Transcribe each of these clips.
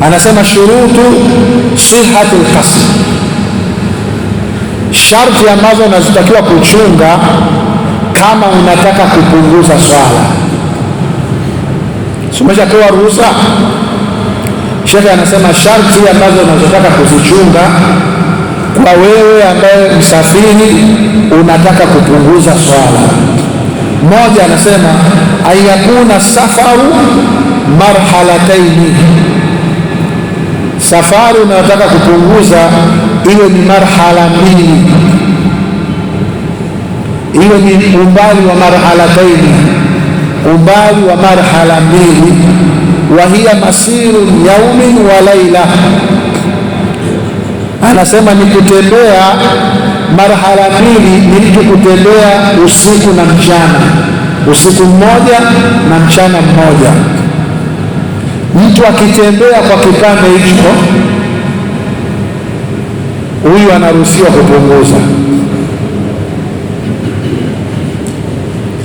anasema shurutu sihati lkasr, sharti ambazo unazitakiwa kuchunga kama unataka kupunguza swala. Umeshapewa ruhusa. Shekhe anasema sharti ambazo unazotaka kuzichunga kwa wewe ambaye msafiri unataka kupunguza swala. moja anasema ayakuna safaru marhalataini safari unayotaka kupunguza iwe ni marhala mbili, iwe ni umbali wa marhalataini, umbali wa marhala mbili. Wa hiya masiru yaumin wa laila, anasema ni kutembea marhala mbili, ni mtu kutembea usiku na mchana, usiku mmoja na mchana mmoja Mtu akitembea kwa kipande hicho, huyu anaruhusiwa kupunguza.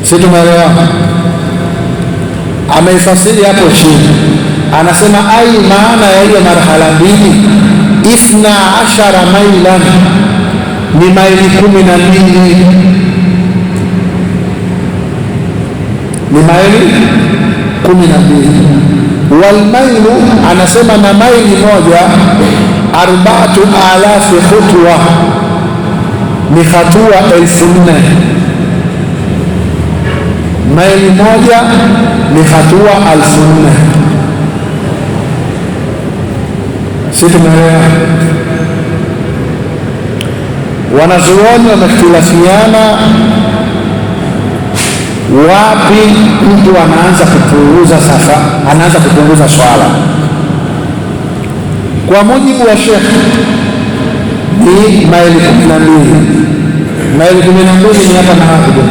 Si tumeelewa? Ameifasiri hapo chini, anasema ai, maana ya hiyo marhala mbili ithna ashara mailan ni maili kumi na mbili ni maili kumi na mbili Walmailu anasema na maili moja arbaatu alafi khutwa, ni hatua elfu nne. Maili moja ni hatua elfu nne. Si tumeelewa? Wanazuoni wamehtilafiana wapi mtu anaanza kupunguza sasa, anaanza kupunguza swala? Kwa mujibu wa Shekh ni maili kumi na mbili. Maili kumi na mbili ni hapa na hapo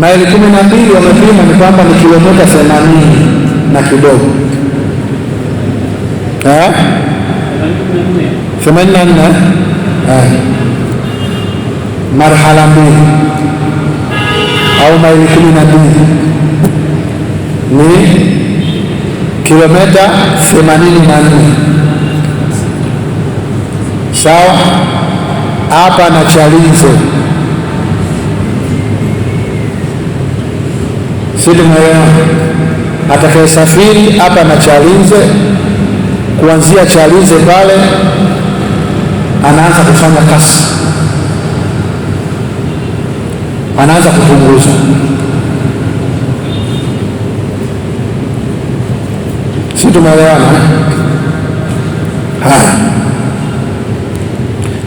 maili kumi na mbili wamepima ni kwamba ni kilomita themanini na kidogo, themanini na nne eh, marhala mbili au maili kumi na mbili ni kilometa themanini na nne sawa. Hapa na Chalinze situmwelewa atakayesafiri hapa na Chalinze, kuanzia Chalinze pale anaanza kufanya kasi, anaanza kupunguza. Si tumeelewana? Haya,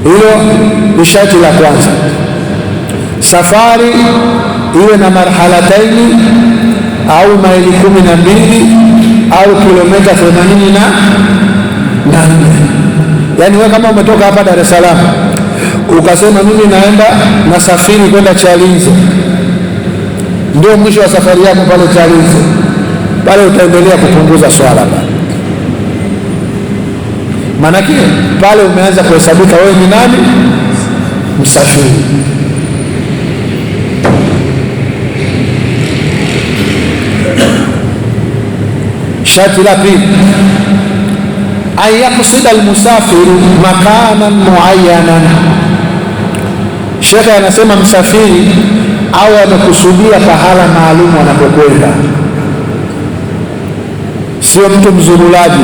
hilo ni sharti la kwanza. Safari iwe na marhalataini au maili kumi na mbili au kilomita themanini na nne. Yaani wewe kama umetoka hapa Dar es Salaam ukasema mimi naenda nasafiri kwenda Chalinze, ndio mwisho wa safari yako pale Chalinze, pale utaendelea kupunguza swala pale, maanake pale umeanza kuhesabika wewe ni nani? Msafiri. Shati la pili an yaksida almusafir makanan muayanan. Shekhe anasema msafiri au amekusudia pahala maalumu anapokwenda, sio mtu mzurulaji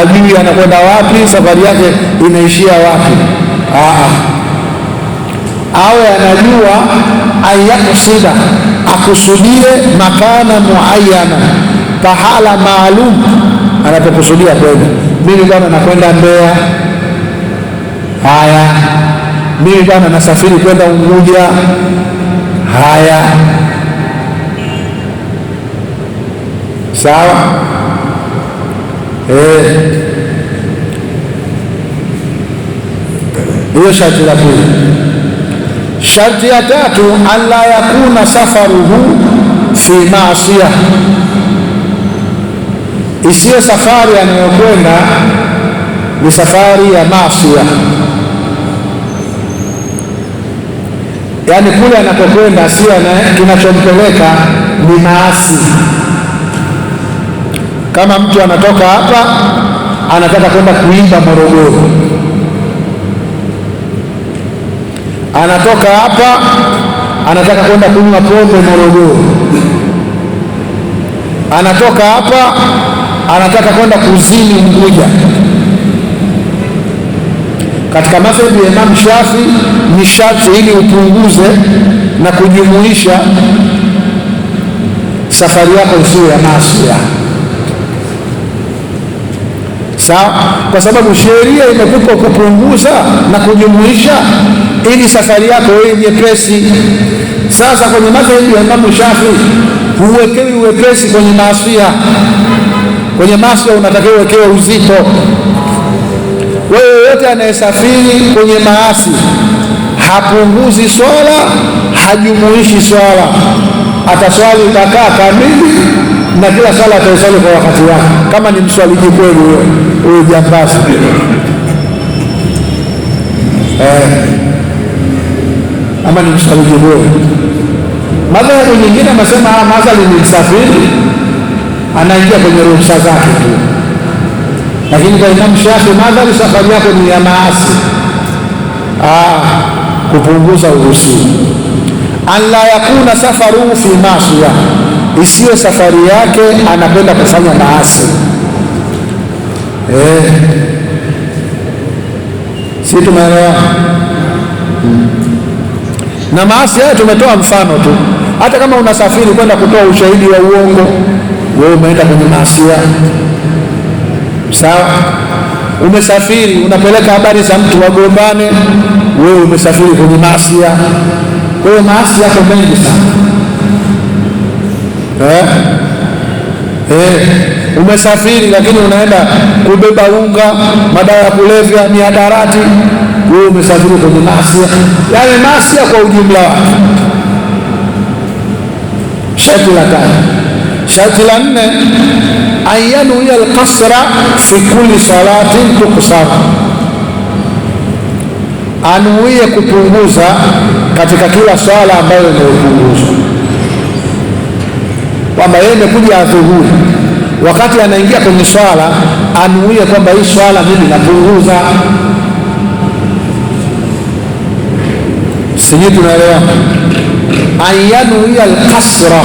ajui anakwenda wapi, safari yake inaishia wapi. Aa, awe anajua ayakusida, akusudie makana muayana, pahala maalum anapokusudia kwenda. Mimi bwana nakwenda Mbeya, haya. Mimi bwana nasafiri kwenda Unguja, haya, sawa eh. hiyo Sharti la pili. Sharti ya tatu, alla yakuna safaruhu fi maasiya isiyo safari anayokwenda ni safari ya maasia, yaani kule anakokwenda sio kinachompeleka ni maasi. Kama mtu anatoka hapa anataka kwenda kuimba Morogoro, anatoka hapa anataka kwenda kunywa pombe Morogoro, anatoka hapa anataka kwenda kuzini Unguja. Katika madhehebu ya Imamu Shafi ni sharti ili upunguze na kujumuisha safari yako isiyo ya masia, sawa, kwa sababu sheria imekupa kupunguza na kujumuisha ili safari yako iwe nyepesi. Sasa kwenye madhehebu ya Imamu Shafi huwekewi uwepesi kwenye masia kwenye maswa unatakiwa uwekewe uzito. Wewe yoyote anayesafiri kwenye maasi hapunguzi swala, hajumuishi swala, ataswali utakaa kamili na kila swala ataswali kwa wakati wake, kama ni mswaliji kweli huyo jambazi eh, ama ni mswaliji kweli. Madhehebu nyingine amesema ah, madhali ni msafiri anaingia kwenye ruhusa zake tu, lakini kwa Imam Shafi madhari safari yako ni ya maasi, ah, kupunguza uhusiu, an la yakuna safaruhu fi masia, isiyo safari yake anakwenda kufanya maasi eh. Si tumeelewa hmm. Na maasi haya tumetoa mfano tu, hata kama unasafiri kwenda kutoa ushahidi wa uongo wewe umeenda kwenye maasia, sawa. Umesafiri unapeleka habari za mtu wagombane, wewe umesafiri kwenye maasia. Kwa hiyo maasi yako mengi sana eh? Eh, umesafiri lakini unaenda kubeba unga, madawa ya kulevya, mihadarati, wewe umesafiri kwenye maasi. Yaani maasi kwa ujumla wake. Sharti la tano Sharti la nne, anyanuia alkasra fi kulli salatin tukusaka, anuie kupunguza katika kila swala ambayo imepunguzwa, kwamba yeye imekuja adhuhuri, wakati anaingia kwenye swala anuie kwamba hii swala mimi napunguza. Sijui tunaelewa? anyanuia alqasra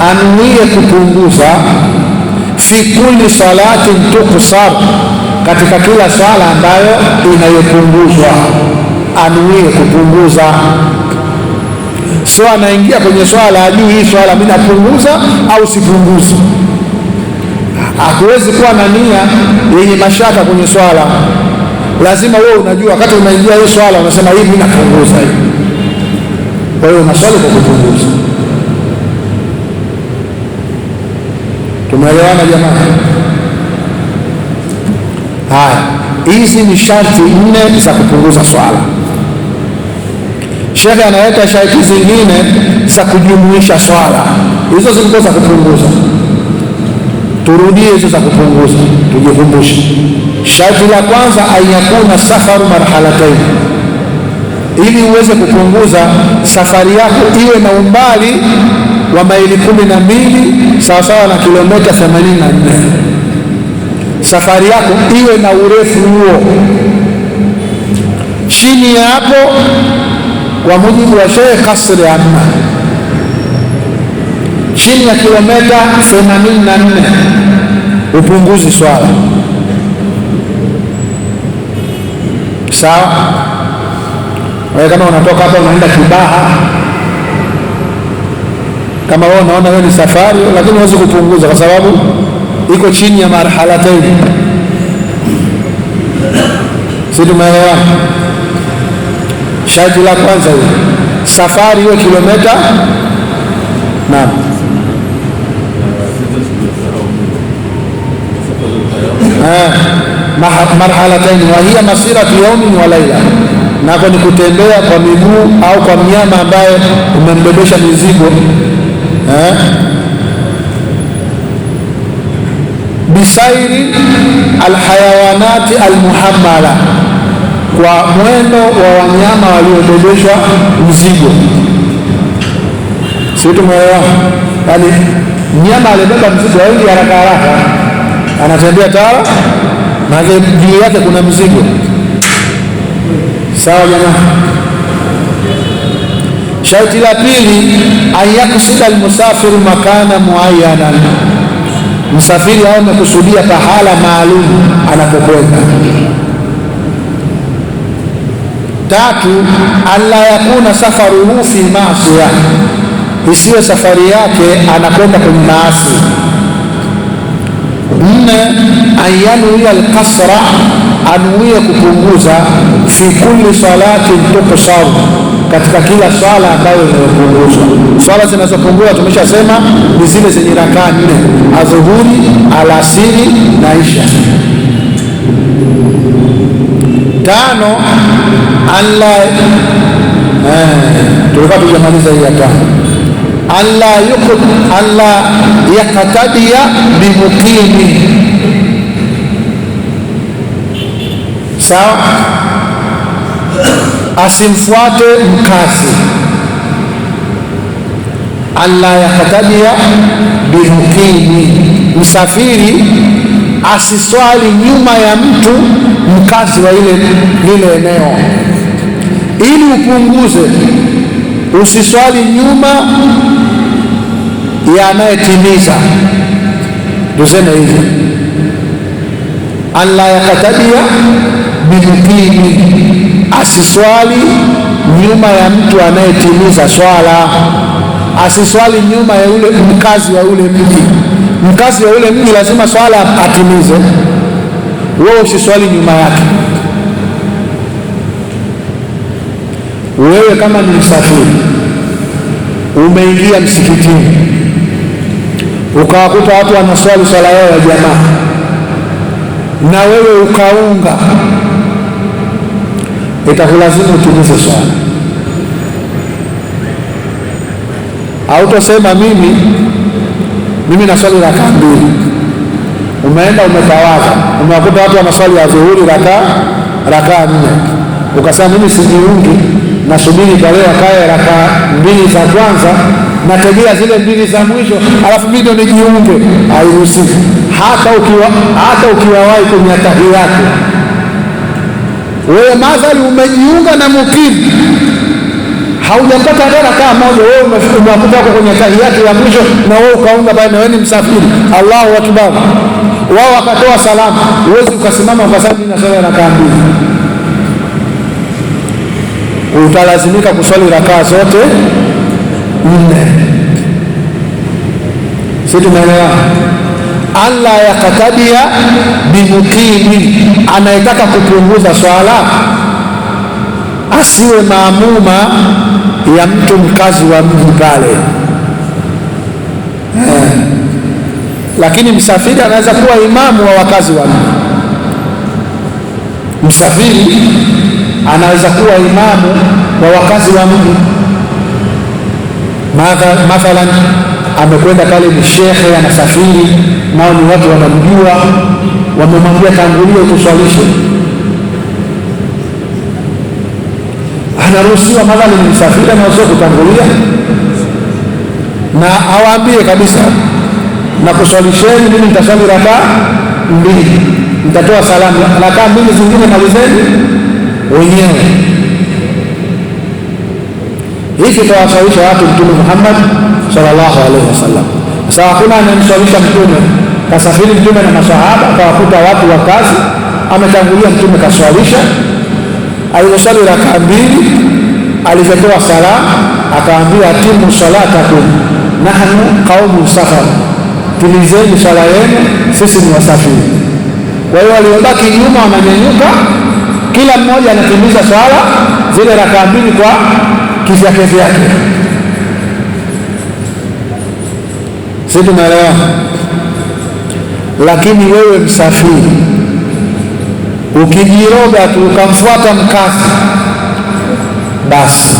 anuie kupunguza fi kulli salatin tuqsar, katika kila sala ambayo inayopunguzwa anuie kupunguza. sio anaingia kwenye swala ajui hii swala mimi napunguza au sipunguzi. Hakuwezi kuwa na nia yenye mashaka kwenye swala, lazima wewe unajua wakati unaingia hii swala unasema hii mimi napunguza hii. Kwa hiyo unaswali kwa kupunguza. Tumeelewana jamani? Haya, hizi ni sharti nne za kupunguza swala. Shekhe analeta sharti zingine za kujumuisha swala, hizo zilikuwa za kupunguza. Turudie hizo za kupunguza, tujikumbushe. Sharti la kwanza, anyakuna safaru marhalatain, ili uweze kupunguza safari yako iwe na umbali wa maili kumi na mbili sawasawa na kilomita 84. Safari yako iwe na urefu huo. Chini ya hapo, kwa mujibu wa Sheikh Kasri Amma, chini ya kilomita 84 upunguzi swala, sawa? Wewe kama unatoka hapa unaenda Kibaha kama wewe unaona wewe ni safari, lakini huwezi kupunguza kwa sababu iko chini ya tayari, Si tumeelewa? Sharti la kwanza hiyo safari hiyo kilomita naam eh, marhalataini wa hiya masiratu yaumi wa laila, nako ni kutembea kwa miguu au kwa mnyama ambaye umembebesha mizigo eh, bisairi alhayawanati almuhammala, kwa mwendo wa wanyama waliobebeshwa mzigo. Si tumeelewa? Yani mnyama alibeba mzigo aili haraka haraka, anatembea tara, na juu yake kuna mzigo. Sawa jamaa. Sharti la pili, anyakusuda almusafiru makana muayyanan, msafiri awe amekusudia pahala maalum anapokwenda. Tatu, alla yakuna safaruhu fi maasiya, isiwe safari yake anakwenda kwenye maasi. Nne, anyanuia alkasra, anuie kupunguza fi kulli salatin tuksar katika kila swala ambayo inayopunguzwa. Swala zinazopungua tumeshasema ni zile zenye rakaa nne: adhuhuri, alasiri na isha. Tano anla eh, tulikuwa tujamaliza hii ya tano anla yaktadia bimukimi, sawa asimfuate mkazi, alla yahtajia bimukini, msafiri asiswali nyuma ya mtu mkazi wa ile lile eneo, ili upunguze usiswali nyuma ya anayetimiza. Tuseme hivyo alla yahtajia bilkini, asiswali nyuma ya mtu anayetimiza swala, asiswali nyuma ya ule mkazi wa ule mji. Mkazi wa ule mji lazima swala atimize, wewe usiswali nyuma yake. Wewe kama ni msafiri, umeingia msikitini ukawakuta watu wanaswali swala yao ya jamaa, na wewe ukaunga itakulazimu utimize swala. Hautasema mimi mimi na swali rakaa mbili, umeenda umetawaza, umewakuta watu wanaswali ya dhuhuri rakaa rakaa nne, ukasema mimi sijiungi, nasubiri kwa leo akaye rakaa mbili za kwanza nategea zile mbili za mwisho, alafu mimi ndio nijiunge. Hairuhusiwi, hata ukiwa hata ukiwawahi kwenye tahiyatu wewe madhali umejiunga na mukim haujapata dera kama moja, wewe unakuta uko kwenye tahiyati ya mwisho na wewe ukaunga pale, na wewe ni msafiri. Allahu akbar, wao wakatoa salamu, uwezi ukasimama kwa sababu na swala rakaa mbili, utalazimika kuswali rakaa zote nne. Sisi tumeelewana? alla yakatadia bimuqimin, anayetaka kupunguza swala asiwe maamuma ya mtu mkazi wa mji pale eh. Lakini msafiri anaweza kuwa imamu wa wakazi wa mji. Msafiri anaweza kuwa imamu wa wakazi wa mji mathalan amekwenda pale, ni shekhe anasafiri nao, ni watu wanamjua, wamemwambia tangulia utuswalishe, anaruhusiwa madhali ni msafiri, sio kutangulia na awaambie kabisa, na kuswalisheni, mimi nitaswali rakaa mbili, nitatoa salamu rakaa mbili zingine malizeni wenyewe. Hiki kawashawisha watu Mtume Muhammad sallallahu alaihi wasallam. Sasa hakuna anayemshawisha Mtume, kasafiri Mtume na masahaba akawakuta watu wa kazi, ametangulia Mtume kaswalisha, alizoswali rakaa mbili, alizotoa salamu akaambia atimu salatakum nahnu qaumu safar, timizeni sala yenu, sisi ni wasafiri. Kwa hiyo waliobaki nyuma wananyanyuka, kila mmoja anatimiza swala zile rakaa mbili kwa kivyake vyake. Si tunaelewa? Lakini wewe msafiri, ukijiroga tu ukamfuata mkazi, basi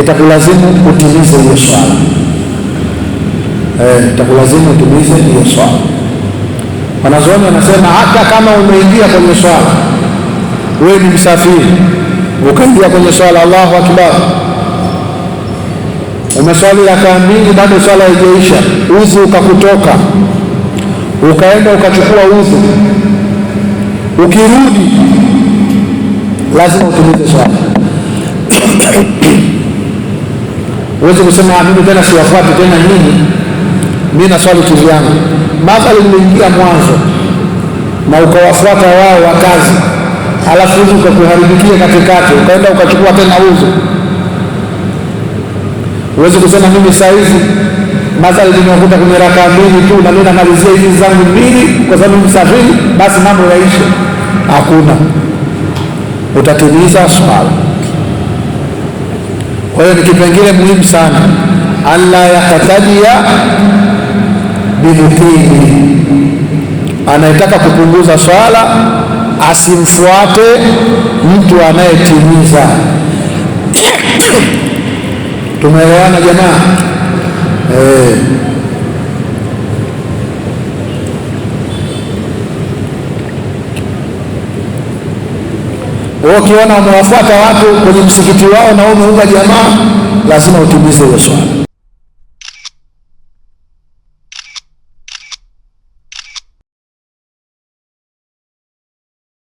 itakulazimu utimize hiyo swala eh, itakulazimu utimize hiyo swala. Wanazuoni wanasema hata kama umeingia kwenye swala, wewe ni msafiri ukaingia kwenye swala Allahu akbar, umeswali rakaa mbili, bado swala haijaisha, udhu ukakutoka, ukaenda ukachukua udhu, ukirudi lazima utulize swala uweze kusema ah, mimi tena siwafuati tena nini, mimi na swali tizi yangu, madhali mwanzo na ukawafuata wao wakazi halafu uzi ukakuharibikia katikati, ukaenda ukachukua tena uzo. uwezi kusema mimi saa hizi mazali nimeokuta kwenye rakaa mbili tu na mimi namalizia hizi zangu mbili kwa sababu msafiri, basi mambo yaisha Hakuna, utatimiza swala. Kwa hiyo ni kipengele muhimu sana, alla yahtadia bimithili, anayetaka kupunguza swala asimfuate mtu anayetimiza. Tumeelewana jamaa eh? Ukiona umewafuata watu kwenye msikiti wao na umeunga jamaa, lazima utimize hiyo swala.